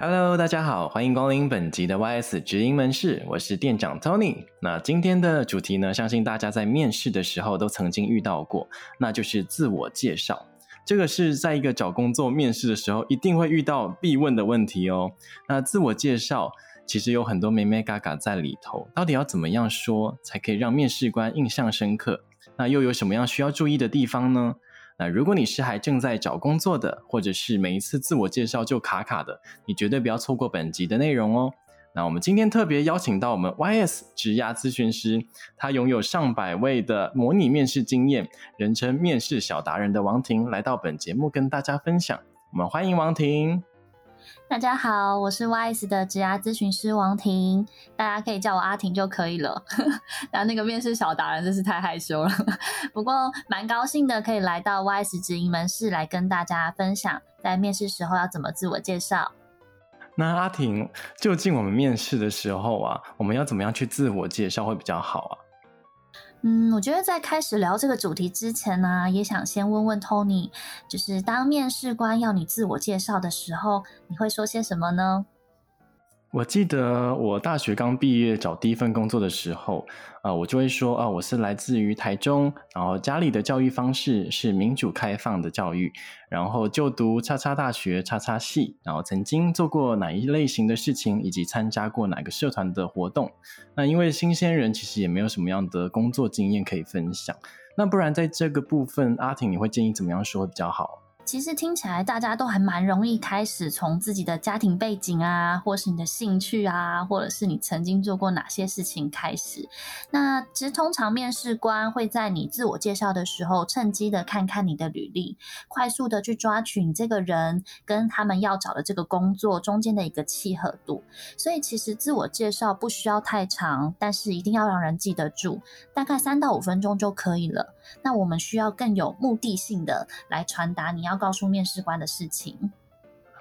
Hello，大家好，歡迎光臨本集的 YS 直營門市，我是店長 Tony。那今天的主題呢，相信大家在面試的時候都曾經遇到過，那就是自我介紹。這個是在一個找工作面試的時候一定會遇到必問的問題哦。那自我介紹其實有很多眉眉角角在裡頭，到底要怎麼樣說才可以讓面試官印象深刻？那又有什麼樣需要注意的地方呢？那如果你是還正在找工作的，或者是每一次自我介紹就卡卡的，你絕對不要錯過本集的內容哦。那我們今天特別邀請到我們 YS 職涯諮詢師，他擁有上百位的模擬面試經驗，人稱面試小達人的王婷，來到本節目跟大家分享。我們歡迎王婷。大家好，我是 YS 的職涯諮詢師王婷，大家可以叫我阿婷就可以了。但 那，那個面試小達人真是太害羞了， 不過蠻高興的，可以來到 YS 直營門市來跟大家分享，在面試時候要怎麼自我介紹。那阿婷，究竟我們面試的時候啊，我們要怎麼樣去自我介紹會比較好啊？嗯，我覺得在開始聊這個主題之前呢、啊，也想先問問 Tony，就是當面試官要你自我介紹的時候，你會說些什麼呢？我記得我大學剛畢業找第一份工作的時候，啊、呃，我就會說啊、呃，我是來自於台中，然後家裡的教育方式是民主開放的教育，然後就讀叉叉大學叉叉系，然後曾經做過哪一類型的事情，以及參加過哪個社團的活動。那因為新鮮人其實也沒有什麼樣的工作經驗可以分享，那不然在這個部分，阿婷你會建議怎麼樣說會比較好？其實聽起來大家都還蠻容易開始，從自己的家庭背景啊，或是你的興趣啊，或者是你曾經做過哪些事情開始。那其實通常面試官會在你自我介紹的時候，趁機的看看你的履歷，快速的去抓取你這個人跟他們要找的這個工作中間的一個契合度。所以其實自我介紹不需要太長，但是一定要讓人記得住，大概三到五分鐘就可以了。那我們需要更有目的性的來傳達你要告訴面試官的事情。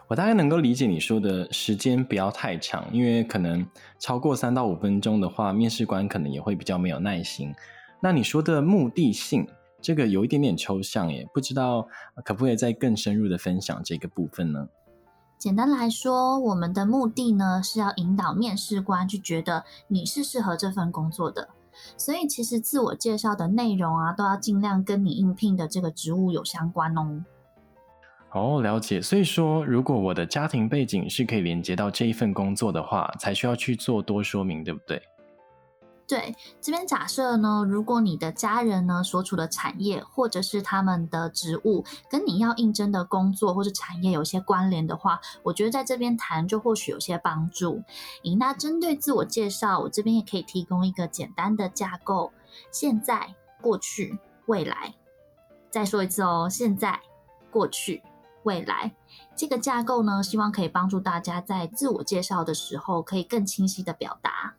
我大概能夠理解你說的時間不要太長，因為可能超過三到五分鐘的話，面試官可能也會比較沒有耐心。那你說的目的性，這個有一點點抽象耶，不知道可不可以再更深入的分享這個部分呢？簡單來說，我們的目的呢，是要引導面試官去覺得你是適合這份工作的。所以其實自我介紹的內容啊，都要儘量跟你應聘的這個職務有相關哦。哦，了解。所以說，如果我的家庭背景是可以連接到這一份工作的話，才需要去做多說明，對不對？對，這邊假設呢，如果你的家人呢，所處的產業或者是他們的職務跟你要應徵的工作或者產業有些關聯的話，我覺得在這邊談就或許有些幫助。咦，那針對自我介紹，我這邊也可以提供一個簡單的架構：現在、過去、未來。再說一次哦，現在、過去、未來。這個架構呢，希望可以幫助大家在自我介紹的時候可以更清晰地表達。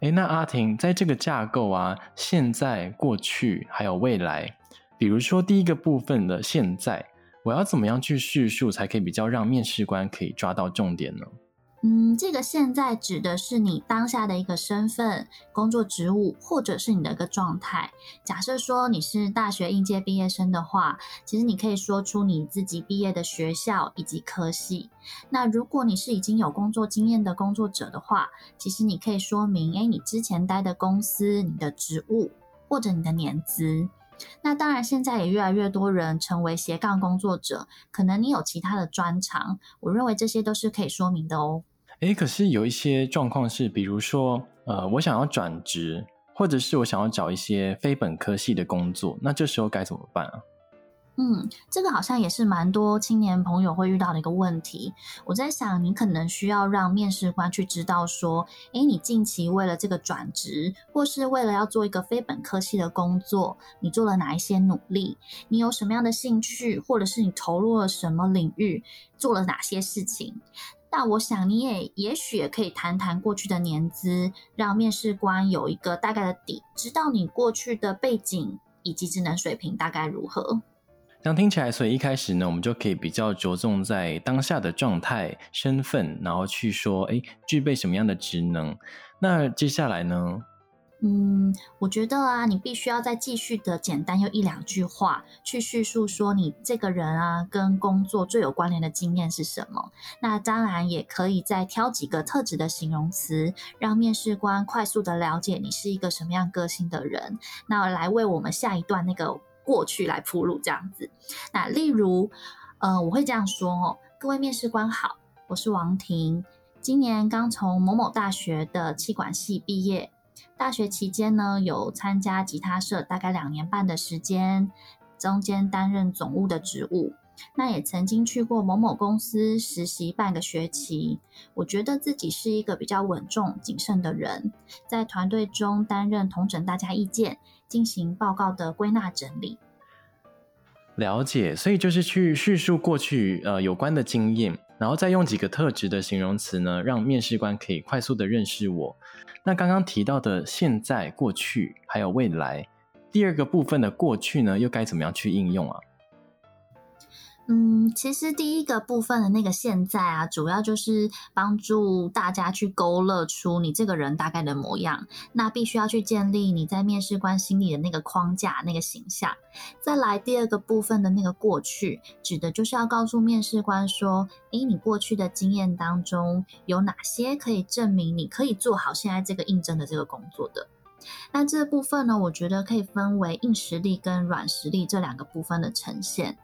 誒，那阿婷在這個架構啊，現在、過去還有未來，比如說第一個部分的現在，我要怎麼樣去敘述才可以比較讓面試官可以抓到重點呢？嗯，這個現在指的是你當下的一個身份、工作職務，或者是你的一個狀態。假設說你是大學應屆畢業生的話，其實你可以說出你自己畢業的學校以及科系。那如果你是已經有工作經驗的工作者的話，其實你可以說明，哎，你之前待的公司、你的職務或者你的年資。那當然，現在也越來越多人成為斜槓工作者，可能你有其他的專長，我認為這些都是可以說明的哦。誒，可是有一些狀況是，比如說，呃，我想要轉職，或者是我想要找一些非本科系的工作，那這時候該怎麼辦啊？嗯，這個好像也是蠻多青年朋友會遇到的一個問題。我在想，你可能需要讓面試官去知道說誒，你近期為了這個轉職，或是為了要做一個非本科系的工作，你做了哪一些努力？你有什麼樣的興趣，或者是你投入了什麼領域，做了哪些事情？那我想你也也許也可以談談過去的年資，讓面試官有一個大概的底，知道你過去的背景以及職能水平大概如何。當聽起來，所以一開始呢，我們就可以比較着重在當下的狀態、身份，然後去說，哎、欸，具備什麼樣的職能。那接下來呢？嗯，我覺得啊，你必須要再繼續的簡單用一兩句話去敘述說你這個人啊，跟工作最有關聯的經驗是什麼。那當然也可以再挑幾個特質的形容詞，讓面試官快速的了解你是一個什麼樣個性的人。那來為我們下一段那個過去來鋪路，這樣子。那例如，呃，我會這樣說哦，各位面試官好，我是王婷，今年剛從某某大學的企管系畢業。大學期間呢，有參加吉他社，大概兩年半的時間，中間擔任總務的職務。那也曾經去過某某公司實習半個學期。我覺得自己是一個比較穩重、謹慎的人，在團隊中擔任統整大家意見，進行報告的歸納整理。了解，所以就是去敘述過去，呃，有關的經驗，然後再用幾個特質的形容詞呢，讓面試官可以快速的認識我。那剛剛提到的現在、過去還有未來，第二個部分的過去呢，又該怎麼樣去應用啊？嗯，其實第一個部分的那個現在啊，主要就是幫助大家去勾勒出你這個人大概的模樣，那必須要去建立你在面試官心裡的那個框架、那個形象。再來第二個部分的那個過去，指的就是要告訴面試官說，誒，你過去的經驗當中有哪些可以證明你可以做好現在這個應徵的這個工作的？那這部分呢，我覺得可以分為硬實力跟軟實力這兩個部分的呈現。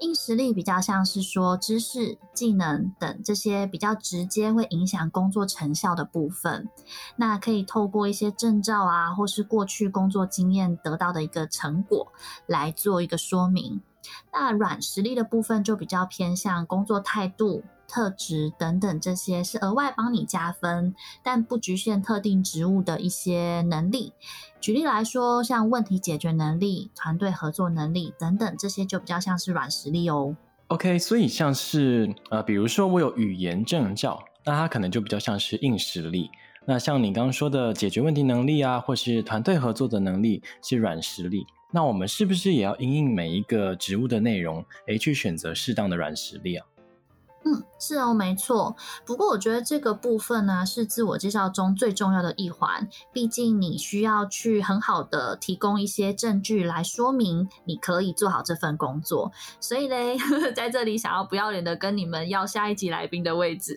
硬實力比較像是說知識、技能等這些比較直接會影響工作成效的部分，那可以透過一些證照啊，或是過去工作經驗得到的一個成果來做一個說明。那軟實力的部分就比較偏向工作態度。特質等等，這些是額外幫你加分，但不局限特定職務的一些能力。舉例來說，像問題解決能力、團隊合作能力等等，這些就比較像是軟實力哦。OK，所以像是呃，比如說我有語言證照，那它可能就比較像是硬實力。那像你剛剛說的解決問題能力啊，或是團隊合作的能力是軟實力。那我們是不是也要因應每一個職務的內容，而、欸、去選擇適當的軟實力啊？嗯，是哦，沒錯。不過我覺得這個部分呢、啊，是自我介紹中最重要的一環。畢竟你需要去很好的提供一些證據來說明你可以做好這份工作。所以嘞，在這裡想要不要臉的跟你們要下一集來賓的位置，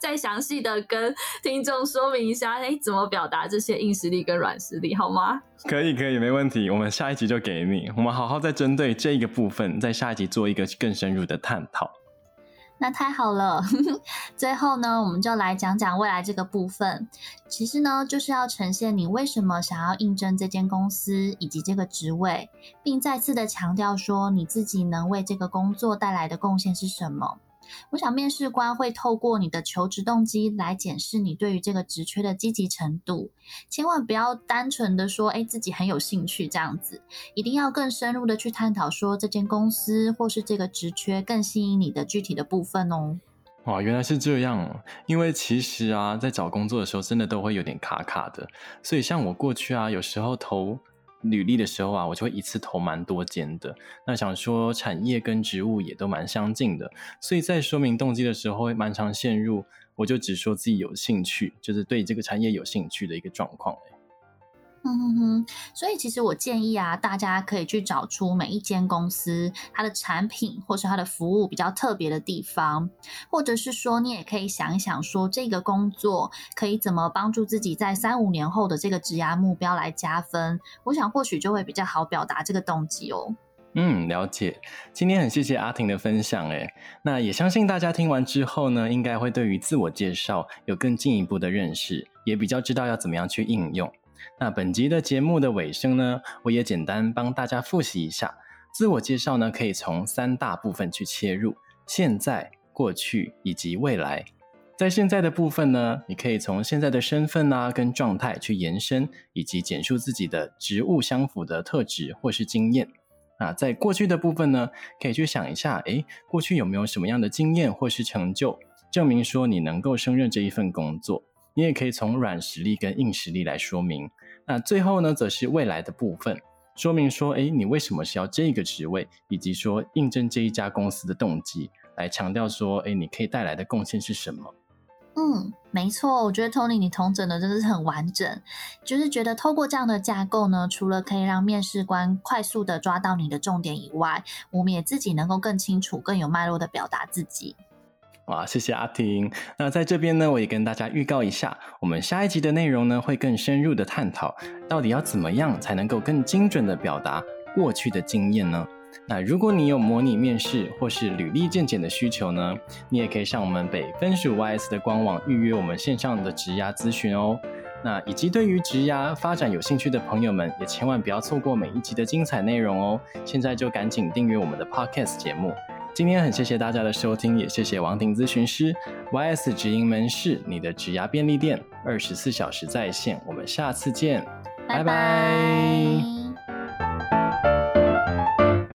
再詳細的跟聽眾說明一下，哎、欸，怎麼表達這些硬實力跟軟實力，好嗎？可以可以，沒問題。我們下一集就給你。我們好好再針對這個部分，在下一集做一個更深入的探討。那太好了。最後呢，我們就來講講未來這個部分。其實呢，就是要呈現你為什麼想要應徵這間公司以及這個職位，並再次的強調說你自己能為這個工作帶來的貢獻是什麼。我想面試官會透過你的求職動機來檢視你對於這個職缺的積極程度，千萬不要單純的說“欸，自己很有興趣”這樣子，一定要更深入的去探討說這間公司或是這個職缺更吸引你的具體的部分哦。哇，原來是這樣，因為其實啊，在找工作的時候真的都會有點卡卡的，所以像我過去啊，有時候投。履歷的時候啊，我就會一次投蠻多間的。那想說產業跟職務也都蠻相近的，所以在說明動機的時候會蠻常陷入，我就只說自己有興趣，就是對這個產業有興趣的一個狀況。嗯哼哼，所以其實我建議啊，大家可以去找出每一間公司它的產品或是它的服務比較特別的地方，或者是說你也可以想一想，說這個工作可以怎麼幫助自己在三五年後的這個職涯目標來加分。我想或許就會比較好表達這個動機哦。嗯，了解。今天很謝謝阿婷的分享，哎，那也相信大家聽完之後呢，應該會對於自我介紹有更進一步的認識，也比較知道要怎麼樣去應用。那本集的節目的尾聲呢，我也簡單幫大家複習一下。自我介紹呢，可以從三大部分去切入：現在、過去以及未來。在現在的部分呢，你可以從現在的身份啊跟狀態去延伸，以及簡述自己的職務相符的特質或是經驗。啊，在過去的部分呢，可以去想一下，誒，過去有沒有什麼樣的經驗或是成就，證明說你能夠勝任這一份工作。你也可以從軟實力跟硬實力來說明。那最後呢，則是未來的部分，說明說，哎，你為什麼需要這個職位，以及說，應徵這一家公司的動機，來強調說，哎，你可以帶來的貢獻是什麼？嗯，沒錯，我覺得 Tony 你統整的真的是很完整，就是覺得透過這樣的架構呢，除了可以讓面試官快速的抓到你的重點以外，我們也自己能夠更清楚、更有脈絡的表達自己。哇，謝謝阿婷。那在這邊呢，我也跟大家預告一下，我們下一集的內容呢，會更深入的探討，到底要怎麼樣才能夠更精準的表達過去的經驗呢？那如果你有模擬面試或是履歷健檢的需求呢，你也可以上我們北分署 YS 的官網預約我們線上的職涯諮詢哦。那以及對於職涯發展有興趣的朋友們，也千萬不要錯過每一集的精彩內容哦。現在就趕緊訂閱我們的 Podcast 節目。今天很謝謝大家的收聽，也謝謝王婷諮詢師，YS 職營門市，你的職涯便利店，二十四小時在線，我們下次見，拜拜。拜拜。